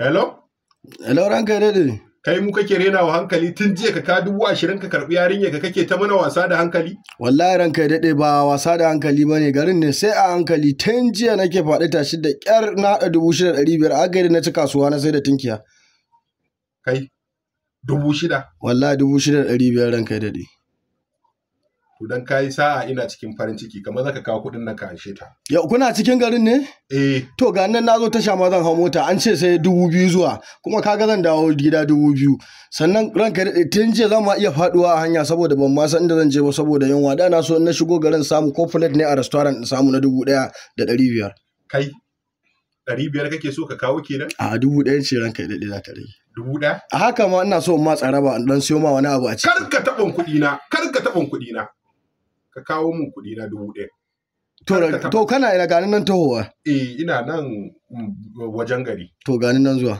Hello? Hello ranka ya daɗe. Kai mu kake rena wa hankali tun jiya ka ka dubu ashirin ka karɓi yarinya ka kake ta mana wasa da hankali? Wallahi ranka ya daɗe ba wasa da hankali ba ne garin ne sai a hankali tun jiya nake faɗi tashi da ƙyar na haɗa dubu shida ɗari biyar a gari na ci kasuwa na sai da tinkiya. Kai dubu shida? Wallahi dubu shida ɗari biyar ranka ya daɗe. to dan kayi sa'a ina cikin farin ciki kamar zaka kawo kuɗin nan ka anshe ta ya kuna cikin garin ne eh to ga nan nazo tasha ma zan hawo mota an ce sai dubu biyu zuwa kuma kaga zan dawo gida dubu biyu sannan ranka tun jiya zan ma iya faduwa a hanya saboda ban ma san inda zan je ba saboda yunwa da na so in na shigo garin samu ko flat ne a restaurant in samu na dubu ɗaya da ɗari biyar kai ɗari biyar kake so ka kawo kenan a dubu ɗaya ce ranka daɗe za ta rage dubu ɗaya a haka ma ina so in ma tsaraba ba dan siyo ma wani abu a ciki kar ka taɓa kuɗi na kar ka taɓa kuɗi na ka kawo mun kuɗi na dubu ɗaya. To, kana ina ganin nan tahowa? Eh, ina nan mm, wajen gari. To, ganin nan zuwa.